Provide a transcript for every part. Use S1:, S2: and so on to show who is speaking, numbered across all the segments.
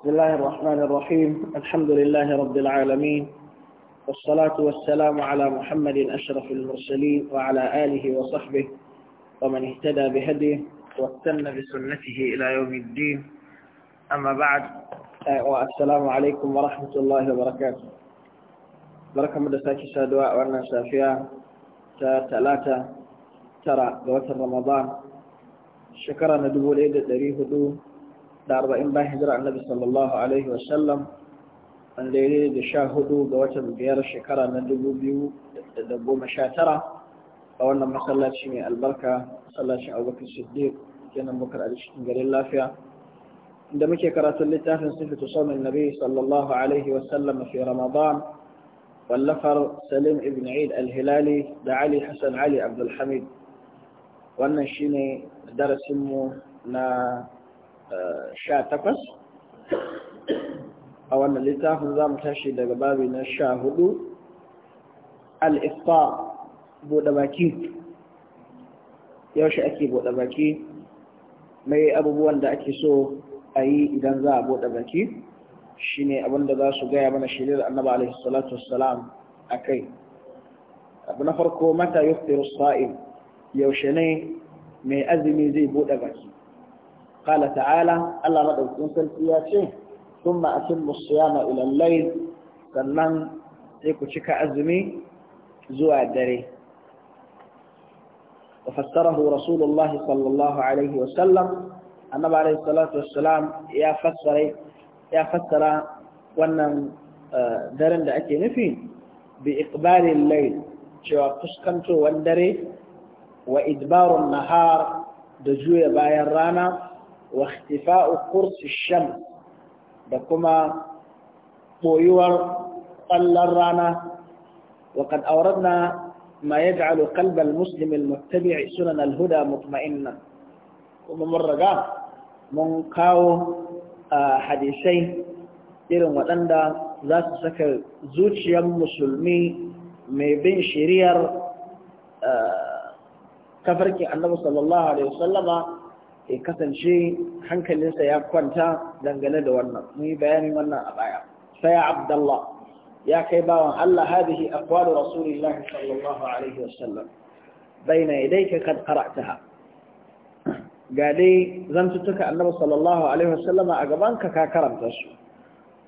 S1: بسم الله الرحمن الرحيم الحمد لله رب العالمين والصلاة والسلام على محمد أشرف المرسلين وعلى آله وصحبه ومن اهتدى بهديه واستنى بسنته إلى يوم الدين أما بعد والسلام عليكم ورحمة الله وبركاته بركة مدساك سادواء وأنا سافيا ثلاثة ترى دوات رمضان شكرا ندبو ليدة دريه دو da arba'in bayan hijira annabi sallallahu alaihi wasallam an daidai da sha hudu ga watan biyar shekara na dubu biyu da goma sha tara a wannan masallaci mai albarka masallacin abubakar siddiq kenan bukar a cikin garin lafiya inda muke karatun littafin sifatu saumin nabi sallallahu alaihi wasallam fi ramadan wallafar salim ibn eid al-hilali da ali hassan ali abdulhamid wannan shine darasinmu na sha takwas a wannan littafin za mu tashi daga babi na sha hudu al'ifa buɗe baki yaushe ake buɗe baki mai abubuwan da ake so a yi idan za a buɗe baki shi ne abinda za su gaya mana shirin annaba alaihissalatu salatu wassalam a kai abu na farko mata yuftiru sa'im yaushe ne mai azumi zai buɗe baki قال تعالى الله مدعوكم سلسياتي ثم أتم الصيام إلى الليل سنن سيكو شكا أزمي زوى الدري وفسره رسول الله صلى الله عليه وسلم النبي عليه الصلاة والسلام يا فسر يا فسر wannan daren da ake nufi bi iqbalin lai cewa fuskantowar dare wa idbarun nahar da juya bayan rana wa ikhtifa'u kursi shams da kuma boyuwar tsallar rana wa kad auradna ma yaj'alu qalba al-muslim al sunan al-huda kuma mun raga mun kawo hadisai irin waɗanda zasu saka zuciyar musulmi mai bin shiriyar kafarki annabi sallallahu ya kasance hankalinsa ya kwanta dangane da wannan mun yi bayanin wannan a baya sai abdallah ya kai bawan Allah hadihi akwadu rasulillah sallallahu alaihi wasallam baina ka kad qara'taha ga dai zantuttuka annabi sallallahu alaihi wasallam a gaban ka karanta su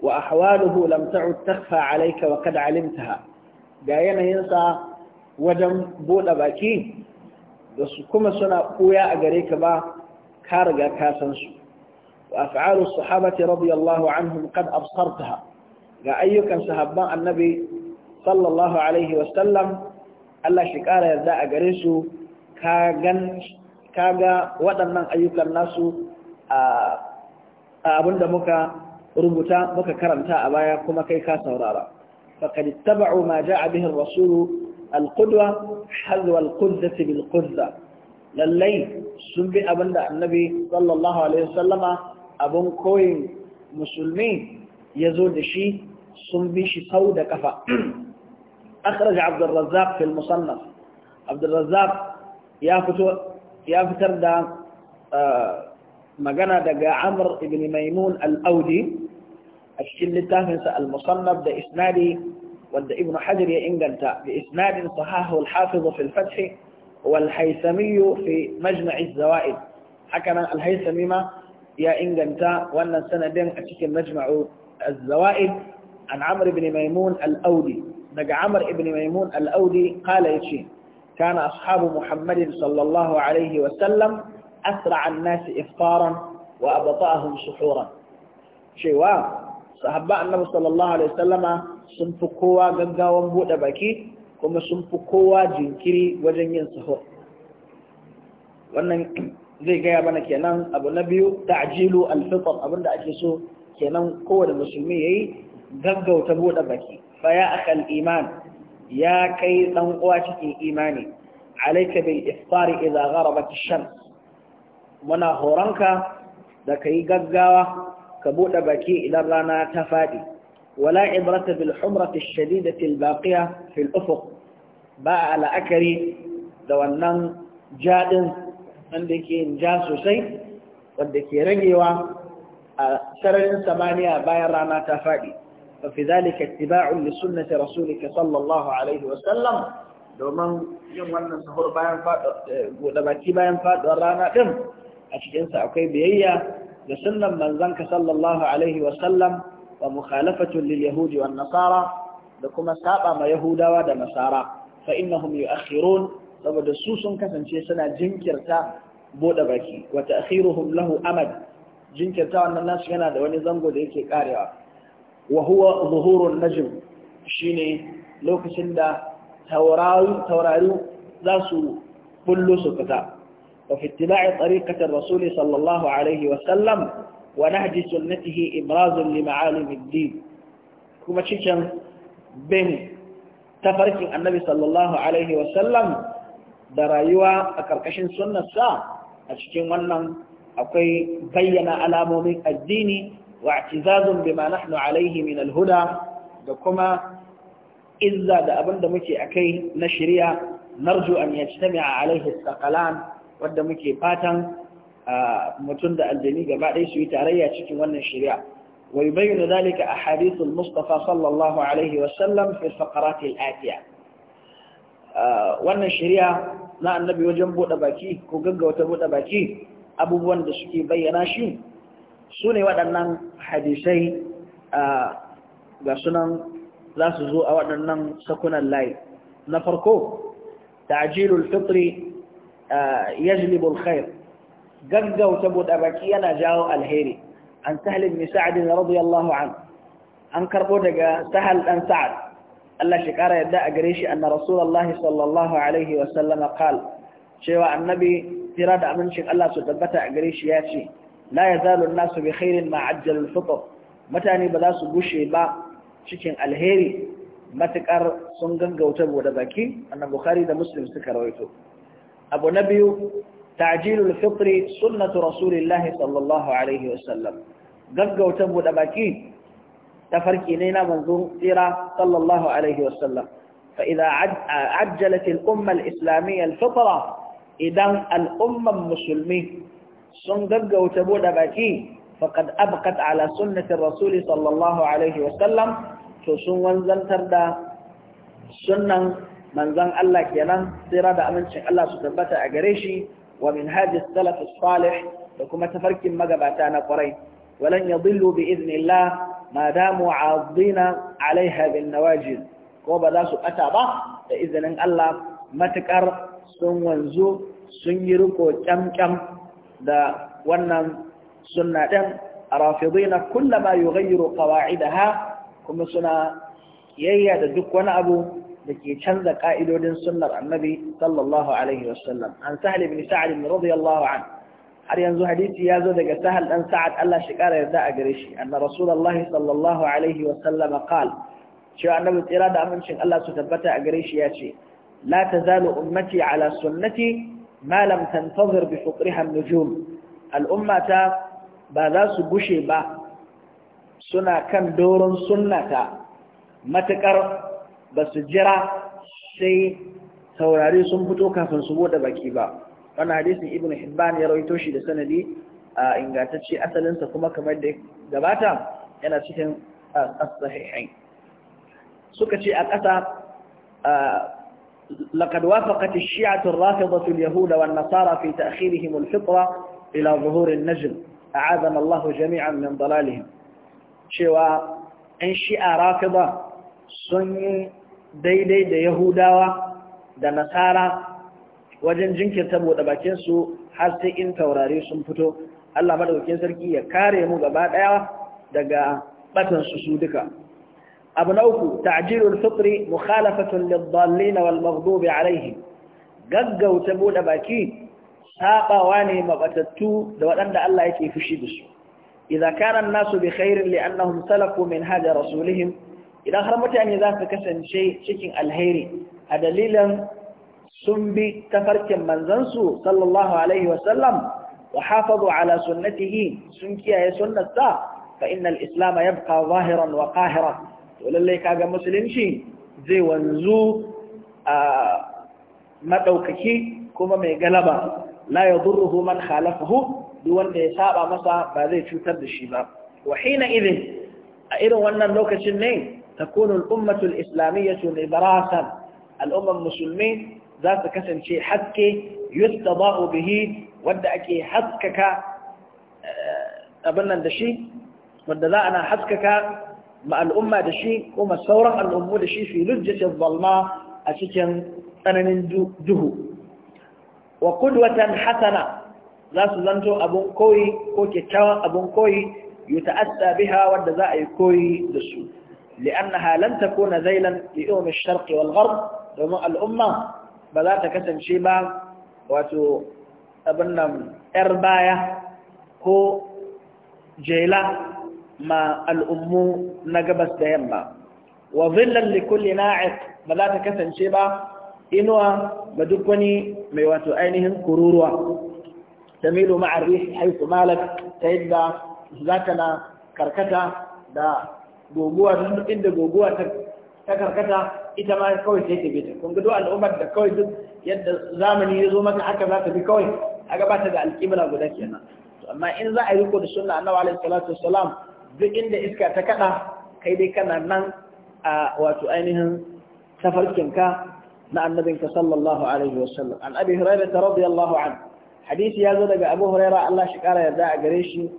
S1: wa ahwaluhu lam ta'ud takhfa alayka wa kad alimtaha ga yanayinsa wajen bude baki da su kuma suna koya a gare ka ba ka riga ka san su wa af'alu sahabati radiyallahu anhum qad absartaha ga ayyukan sahabban annabi sallallahu wa sallam Allah shi kara yarda a gare su ka gan kaga waɗannan ayyukan nasu a abinda muka rubuta muka karanta a baya kuma kai ka saurara faqad ittaba'u ma ja'a bihi ar-rasul al-qudwa hazwa al-qudzati bil-qudza lallai sun bi abin da annabi sallallahu alaihi wasallama abin koyin musulmi ya zo da shi sun bi shi sau da kafa akhraj abdurrazzaq fil musannaf abdurrazzaq ya fito ya fitar da magana daga amr ibn maimun al-audi a cikin littafinsa al-musannaf da isnadi wanda ibn hajar ya inganta bi isnadin sahahu al-hafiz fil fath والحيثمي في مجمع الزوائد حكنا الهيثمي ما يا جنتا وأن سندين أتكن مجمع الزوائد عن عمرو بن ميمون الأودي نجا عمرو بن ميمون الأودي قال يشي كان أصحاب محمد صلى الله عليه وسلم أسرع الناس إفطارا وأبطأهم سحورا شيوا صحباء النبي صلى الله عليه وسلم sun fi kowa gaggawan kuma sun fi kowa jinkiri wajen yin sahur wannan zai gaya mana kenan abu na biyu ta ajilu fitr abinda ake so kenan kowane musulmi ya yi gaggauta buɗe baki fa ya iman ya kai ɗan uwa cikin imani alaika bil iftari idha gharabat ash-shams muna horonka da kai gaggawa ka buɗe baki idan rana ta faɗi. ولا عبرة بالحمرة الشديدة الباقية في الأفق باء على أكري دوانا جاد عندك جاسو سي وعندك رجوا سرر ثمانية باير رانا تفادي ففي ذلك اتباع لسنة رسولك صلى الله عليه وسلم دوما يوم وانا سهر باير فاد ودباكي باير فاد ورانا دم أشجنسا أوكي بيئيا لسنة من ذنك صلى الله عليه وسلم wa mukhalafatun lil yahudi wan nasara da kuma saba ma yahudawa da nasara fa innahum yu'akhirun saboda su sun kasance suna jinkirta bude baki wa ta'khiruhum lahu amad jinkirta wannan nasu yana da wani zango da yake karewa wa huwa zuhurun najm shine lokacin da taurari za su bullo su fita wa fi ittiba'i tariqati rasuli sallallahu alaihi wa sallam ونهج سنته إبراز لمعالم الدين كما تشيشن بين تفرق النبي صلى الله عليه وسلم درايوا أكركشن سنة سا أشكين ونن أكي بيّن ألامهم الدين واعتزاز بما نحن عليه من الهدى دكما إذا دا أبن دمكي أكي نشريا نرجو أن يجتمع عليه الثقلان ودمكي باتن mutum da aljani gaba ɗaya su yi tarayya cikin wannan shari'a wa yubayyinu a ahadithul mustafa sallallahu alaihi wa sallam fi faqarat al-atiya wannan shiriya na annabi wajen bude baki ko gaggauta bude baki abubuwan da suke bayyana shi su ne waɗannan hadisai ga sunan za su zo a waɗannan sakunan layi na farko ta'jilul fitri yajlibul khair gaggauta buɗe baki yana jawo alheri an sahal ibn sa'd radiyallahu an karbo daga sahal dan sa'ad Allah shi kara yadda a gare shi anna rasulullah sallallahu alaihi wa sallam qal cewa annabi tira da amincin Allah su tabbata a gare shi ya ce la yazalu an-nasu mutane ba za su gushe ba cikin alheri matukar sun gangauta buɗe baki annabi bukhari da muslim suka rawaito abu na biyu ta'jilul fitri sunnatu rasulillahi gaggauta buɗe baki tafarki ne na manzon tsira sallallahu alaihi wasallam fa idza ajjalat al umma islamiyya al idan al musulmi sun gaggauta buɗe baki faqad abqat ala sunnati rasul sallallahu alaihi wasallam to sun wanzantar da sunnan manzon Allah kenan tsira da amincin Allah su tabbata a gare shi wa minhaj as-salaf as da kuma tafarkin magabata na ƙwarai? walan yadillu bi idnillah ma damu azina alaiha bin nawajid ko ba za su ɓata ba da izinin Allah matukar sun wanzu sun yi riko kyamkyam da wannan sunna din rafidina kullama yughayyiru qawa'idaha kuma suna ƙiyayya da duk wani abu da ke canza ka'idodin sunnar annabi sallallahu alaihi wasallam an sahal ibn sa'ad ibn radiyallahu an har yanzu hadisi ya zo daga sahal dan sa'ad Allah shi kara yarda a gare shi anna rasulullah sallallahu alaihi wasallam qal cewa annabi tsira da amincin Allah su tabbata a gare shi ya ce la tazalu ummati ala sunnati ma lam tantazir bi an-nujum al-ummata ba za su bushe ba suna kan doron sunnata matakar ba su jira sai taurari sun fito kafin su bude baki ba wannan hadisin ibn hibban ya rawaito shi da sanadi a ingantacce asalinsa kuma kamar da gabata yana cikin as-sahihain suka ce a ƙasa لقد وافقت الشيعة الرافضة اليهود والنصارى في تأخيرهم الفطرة إلى ظهور النجم أعاذنا الله جميعا من ضلالهم شوى إن شيعة رافضة سني daidai da yahudawa da nasara wajen jinkirta buɗe bakinsu har sai in taurari sun fito Allah madaukakin sarki ya kare mu gaba ɗaya daga batan su duka abu na uku ta'jilul fitri mukhalafatun lid-dallin wal maghdubi alaihim gaggauta buɗe baki sabawa ne mabatattu da waɗanda Allah yake fushi da su idza kana an-nasu bi khairin li'annahum salaku min hada rasulihim idan har mutane za su kasance cikin alheri a dalilin sun bi tafarkin manzansu sallallahu alaihi wasallam wa hafazu ala sunnatihi sun kiyaye sunnarsa fa innal islam yabqa zahiran wa qahiran to lalle kaga musulunci zai wanzu a madaukaki kuma mai galaba la yadurruhu man khalafahu duk wanda ya saba masa ba zai cutar da shi ba wa hina idin a irin wannan lokacin ne تكون الأمة الإسلامية نبراسا الأمة المسلمين ذات كسن شيء حكي يستضاء به ودأك حكك أبنا دشي ودأنا حكك مع الأمة دشي وما الثورة الأمة دشي في لجة الظلماء أشكن أنا ننجوه وقدوة حسنة ذات زنتو أبن كوي كوكي تشاوى أبن كوي يتأسى بها ودأي كوي دسوه لأنها halanta تكون ذيلا لأم الشرق والغرب domin al'umma ba za ta kasance ba wato abin ‘yar baya ko jela ma al'ummu na gabas da yamma wa zillan likulli na'ik ba za ta kasance ba inuwa ga duk wani mai wato ainihin kururuwa tamilu ma'arri haifu malak ta yadda za ta karkata da goguwa duk inda goguwa ta karkata ita ma kawai sai ta bi ta kun ga duk al'ummar da kawai duk yadda zamani ya zo maka haka za ta bi kawai a gabata da alƙibla guda kenan amma in za a yi riko da sunna annabi alaihi salatu wassalam duk inda iska ta kada kai dai kana nan a wato ainihin tafarkinka na annabinka sallallahu alaihi wasallam an abi hurairah radiyallahu anhu hadisi ya zo daga abu hurairah Allah shi kara yarda a gare shi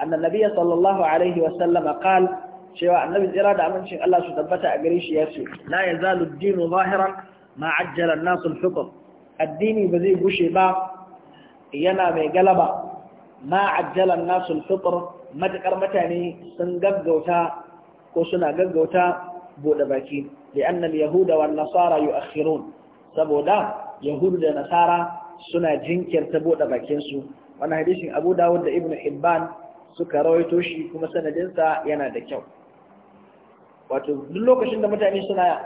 S1: anna nabiyya sallallahu alaihi wasallam qala cewa annabin jira da amincin Allah su tabbata a gare shi ya ce la yazalu dinu zahiran ma ajjala an-nas al addini ba zai gushe ba yana mai galaba ma ajjala an-nas al-hukm mutane sun gaggauta ko suna gaggauta bude baki li anna al-yahuda wa an-nasara yu'akhirun saboda yahudu da nasara suna jinkirta bude bakin su wannan hadisin Abu Dawud da Ibnu Hibban suka rawaito shi kuma sanadinsa yana da kyau. wato duk lokacin da mutane suna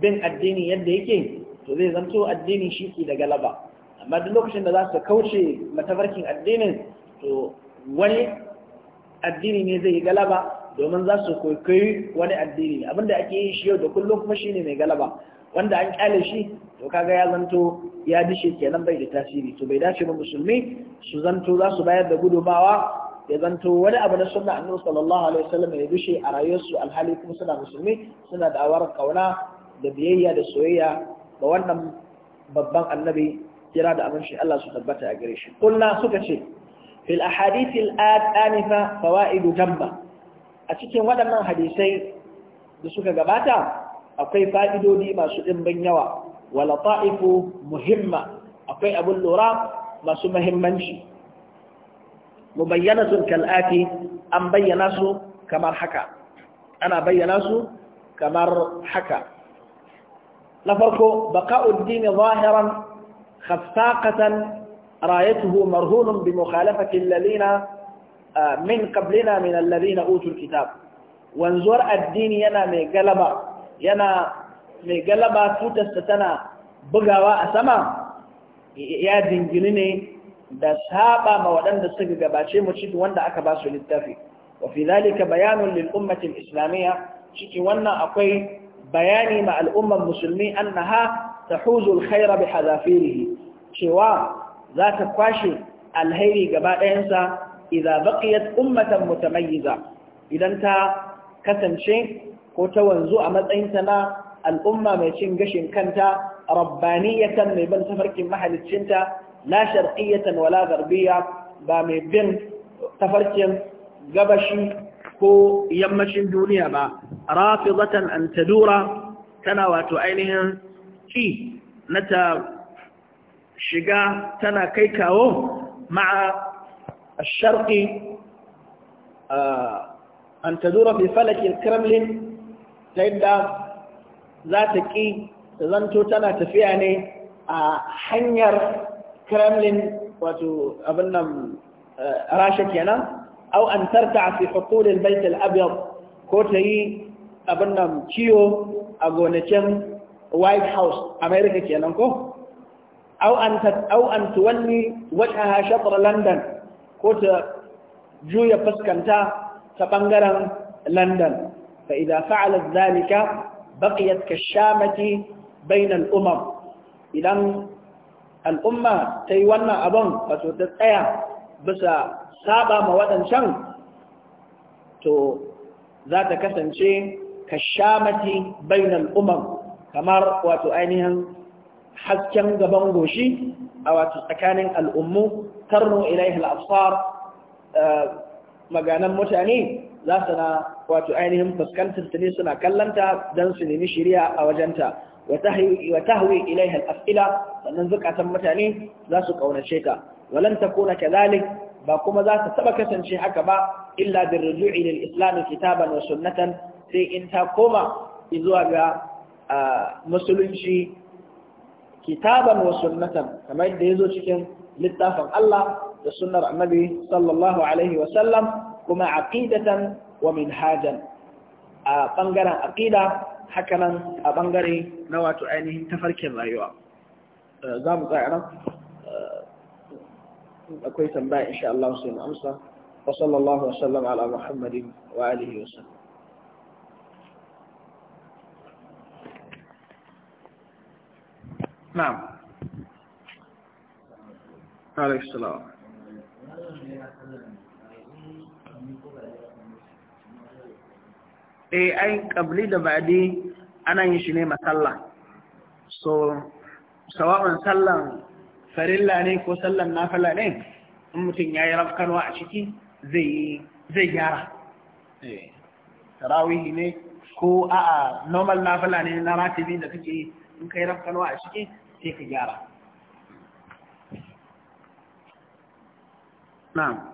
S1: bin addini yadda yake to zai zanto addini shi ke da galaba amma duk lokacin da za su kauce matafarkin addinin to wani addini ne zai yi galaba domin za su kwaikwayi wani addini abinda ake yi shi yau da kullum kuma shi ne mai galaba wanda an kyale shi to kaga ya zanto ya dishe kenan bai da tasiri to bai dace ba musulmi su zanto za su bayar da gudumawa ya zanto wani abu na sunna annabi sallallahu alaihi wasallam ya rushe a rayuwarsu alhali kuma suna musulmi suna da awar kauna da biyayya da soyayya ga wannan babban annabi kira da aminci Allah su tabbata a gare shi kulna suka ce fil ahadith al anifa fawaid jamba a cikin waɗannan hadisai da suka gabata akwai fa'idodi masu ɗimbin yawa wala ta'ifu muhimma akwai abun lura masu muhimmanci مبينة كالآتي أم بينا سو كمار حكا أنا بينا سو كمار حكا لفرق بقاء الدين ظاهرا خفاقة رايته مرهون بمخالفة الذين آه، من قبلنا من الذين أوتوا الكتاب وانظر الدين ينا مقلبا ينا مقلبا فوتستنا بغواء سما يا دين جنيني da saba ma waɗanda suka gabace mu ciki wanda aka ba su littafi wa fi zalika bayanun lil ummatin islamiyya Ciki wannan akwai bayani ma al'ummar musulmi annaha tahuzu al-khaira bi hadafirihi cewa za ta kwashe alheri gaba ɗayansa idza baqiyat ummatan mutamayyiza idan ta kasance ko ta wanzu a matsayinta na al'umma mai cin gashin kanta rabbaniyatan mai ban tafarkin mahaliccinta la sharqiyatan wala garbiya ba mai bin tafarkin gabashi ko yammacin duniya ba rafidatan an tadura tana wato ainihin ki shiga tana kai kawo ma'a الشرقي آه أن تدور في فلك الكرملين تيدا ذاتك تزنتو تنا تفيعني آه حنير kremlin wato abin nan eh, rasha kenan au an tarta fi hukulin baitul abyad ko ta yi abin nan ciwo a gonakin white house america kenan ko au an au an tuwalli wajhaha shatr london ko ta juya fuskanta ta bangaren Landan? fa idza fa'alat dhalika baqiyat kashamati bayna al-umam idan al'umma ta yi wannan abin wato ta tsaya bisa saba ma waɗancan to za ta kasance ka mati bainal umar kamar wato ainihin hasken gaban goshi a wato tsakanin al'ummu tarno ilaihi al'afsar eh, maganan mutane za su na wato ainihin fuskantar ta ne suna kallanta don su nemi shirya a wajenta wa tahwi ilaiha al-af'ila sannan zukatan mutane zasu su kaunace walanta kuna takuna kadhalik ba kuma za ta taba kasance haka ba illa bin ruju'i lil islam kitaban wa sai in ta koma zuwa ga musulunci kitaban wa kamar kamar ya zo cikin littafin Allah da sunnar annabi sallallahu alaihi wa sallam kuma aqidatan wa minhajan a bangaren aqida hakanan a bangare na wato ainihin tafarkin rayuwa za mu tsaya nan akwai tambaya insha Allah sai mu amsa wa sallallahu wa sallam ala muhammadin wa alihi wa sallam نعم عليه السلام eh ai qabli da ba'di ana yin shi ne masalla so sawa'un sallan farilla ne ko sallan nafila ne in mutum yi rafkanwa a ciki zai gyara eh ne ko a'a normal nafila ne na ratibi da kake in kai rafkanwa a ciki sai ka gyara na'am